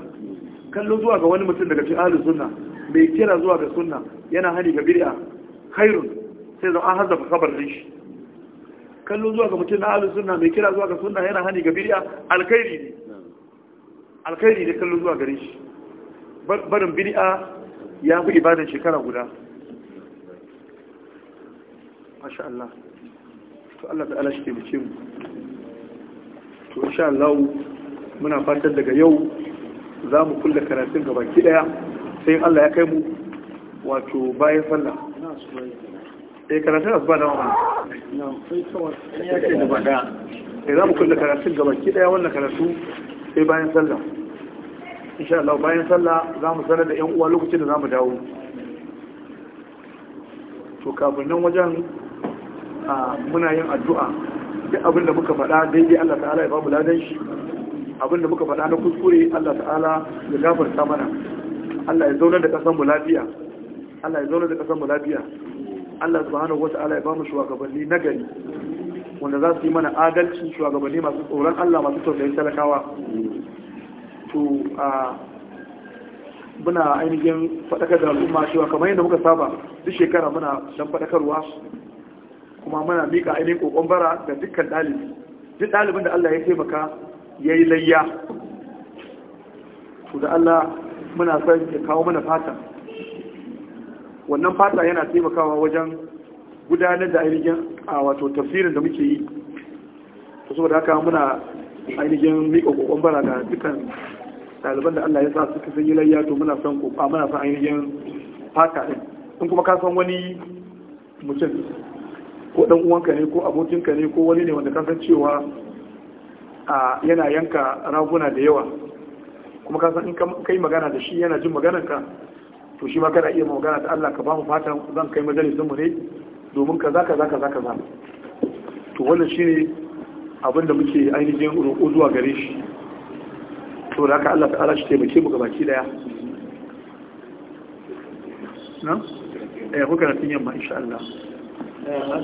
kallo zuwa ga wani mutum daga cikin ahli sunna mai kira zuwa ga sunna yana hani ga bid'a khairun sai zama an hazzafa kabarin shi kallo zuwa ga mutum na ahli sunna mai kira zuwa ga sunna yana hani ga bid'a alkhairi ne alkhairi ne kallo zuwa gare shi barin bid'a ya fi ibadan shekara guda masha Allah to Allah ta'ala shi taimake mu to insha Allah muna fatan daga yau za mu kulle karatun gaba ki daya sai Allah ya kai mu wato bayan sallah eh karatun asuba na wannan na sai kawai sai ke da bada eh za mu kulle karatun gaba ki daya wannan karatu sai bayan sallah insha Allah bayan sallah za mu sanar da 'yan uwa lokacin da za mu dawo to kafin nan wajen muna yin addu'a duk abinda muka faɗa daidai Allah ta'ala ya babu ladan shi abinda muka faɗa na kuskure Allah ta'ala ya gafarta mana Allah ya zauna da kasan mu lafiya Allah ya zauna da kasan mu lafiya Allah subhanahu wa ta'ala ya bamu shugabanni nagari wanda za su yi mana adalci shugabanni masu tsoron Allah masu tausayin talakawa to a muna ainihin faɗakar da al'umma cewa kamar yadda muka saba duk shekara muna dan faɗakarwa kuma muna mika ainihin ƙoƙon bara ga dukkan dalibi duk ɗalibin da Allah ya taimaka ya yi layya to da Allah muna son ya kawo mana fata wannan fata yana taimakawa wajen gudanar da ainihin a wato tafsirin da muke yi to saboda haka muna ainihin miƙa ƙoƙon bara da dukkan ɗaliban da Allah ya sa suka sanyi layya to muna son kokwa muna son ainihin fata ɗin in kuma ka san wani mutum ko dan uwanka ne ko abokinka ne ko wani ne wanda ka san cewa a yana yanka raguna da yawa kuma ka san in kai magana da shi yana jin maganarka to shi ma kana iya magana da Allah ka ba mu fatan zan kai majalisin mu ne domin kaza kaza kaza kaza to wannan ne abinda muke ainihin roƙo zuwa gare shi to da haka Allah ta'ala shi taimake mu gabaki daya na eh ko karatun yamma insha Allah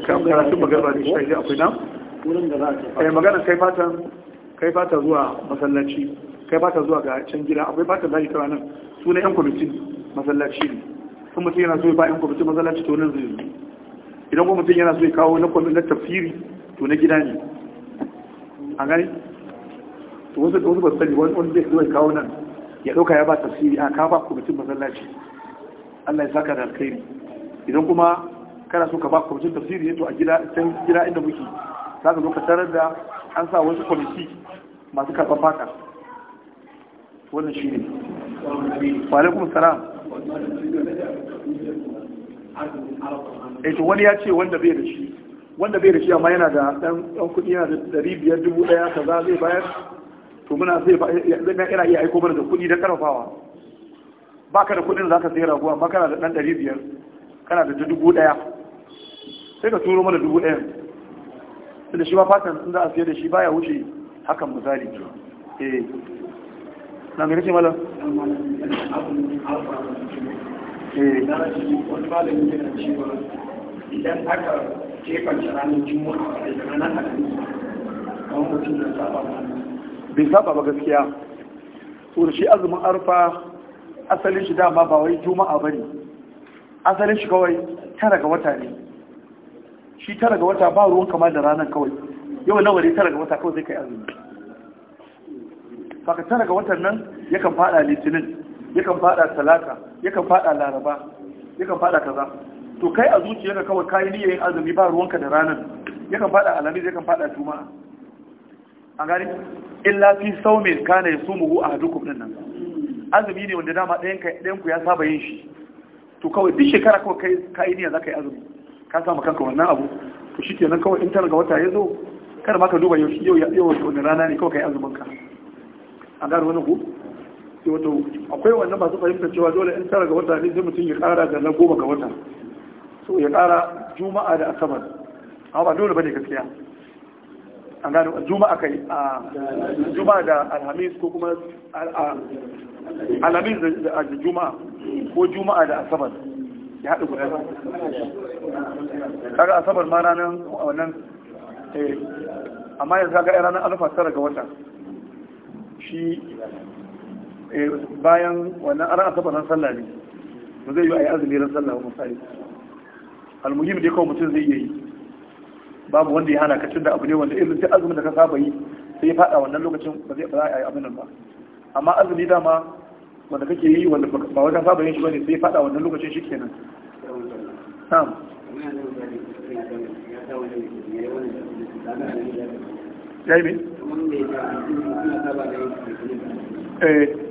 kan karatun magana ne shi akwai na wurin da za ta eh magana kai fatan kai fata zuwa masallaci kai fata zuwa ga can gida akwai fata zai kawo nan sunan yan kwamitin masallaci ne kuma mutum yana so ya ba yan kwamitin masallaci to nan zai zo idan kuma mutum yana so ya kawo na na tafsiri to na gida ne a gani to wasu da wasu ba wani zai zai ya kawo nan ya ɗauka ya ba tafsiri a ka ba kwamitin masallaci Allah ya saka da alkhairi idan kuma kana so ka ba kwamitin tafsiri ne to a gida can gida inda muke za ka zo ka tarar da an sa wasu kwamiti masu karɓar faka wannan shi ne wa alaikum salam eh to wani ya ce wanda bai da shi wanda bai da shi amma yana da dan dan kudi yana da ɗari biyar dubu daya kaza zai bayar to muna zai zai yana iya aiko mana da kudi da karfafawa baka da kudin zaka sayi rago amma kana da dan ɗari biyar kana da dubu ɗaya sai ka turo mana dubu sai da shi ma fatan in za a sayar da shi baya wuce hakan misali eh na mai kace malam wani malamin yana cewa idan aka kefance ranar juma'a da ranar alhamis kamar mutum da saba ba bai saba ba gaskiya to shi azumin arfa asalin shi dama ba wai juma'a ba ne asalin shi kawai tara ga wata ne shi tara ga wata ba ruwan kamar da ranar kawai yau nawa ne tara ga wata kawai zai kai azumi saka tara ga watan nan yakan fada litinin yakan fada talata yakan fada laraba yakan fada kaza to kai a zuciyarka kawai ka'i niyyar azumi ba ruwanka da ranar yakan fada alhamis yakan fada juma'a an gani illa fi saumin kana yasumuhu ahadukum din nan azumi ne wanda dama ɗayan ɗayan ku ya saba yin shi to kawai duk shekara kawai kai kai niyyar zakai yi azumi ka samu kanka wannan abu to shikenan kawai in tara ga wata ya zo kada ma ka duba yau yau yau wani rana ne kawai kai azumin ka an gani wani ku wato akwai wannan masu fahimta cewa dole in tara ga wata ne zai mutum ya kara da na goma ga wata so ya kara juma'a da asabar amma ba dole ba ne gaskiya an gano juma'a kai a juma'a da alhamis ko kuma alhamis da juma'a ko juma'a da asabar ya haɗu guda kaga asabar ma ranar wannan eh, amma yanzu kaga ranar alfa tara ga wata shi Eh, bayan wannan ara asaba ran sallah ne ba zai yi a yi azumi ran sallah ba misali almuhim dai kawai mutum zai yi babu wanda ya hana ka tunda abu ne wanda irin duk azumin da ka saba yi sai ya fada wannan lokacin ba zai ba a yi abin nan ba amma azumi dama wanda kake yi wanda ba wajen ka saba yin shi bane sai ya fada wannan lokacin shi kenan na'am ya yi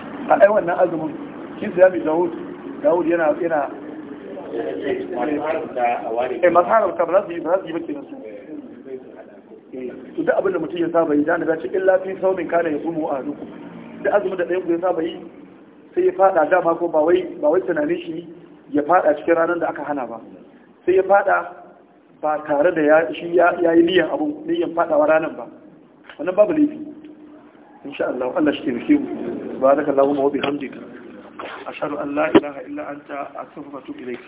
a ai wannan azumin shi siyami dawud dawud yana yana eh masu haramta ba za su yi ba su yi su to duk abinda mutum ya saba yi zan da ce illa fi saumin kana ya sumu a duku. duk azumin da ɗayan ku ya saba yi sai ya fada dama ko ba wai tunanin shi ya fada cikin ranar da aka hana ba sai ya fada ba tare da shi ya yi niyyar abu niyyar fadawa ranar ba wannan babu laifi insha Allah Allah shi taimake mu subhanakallahumma wa bihamdika ashhadu an la ilaha illa anta astaghfiruka wa atubu ilayk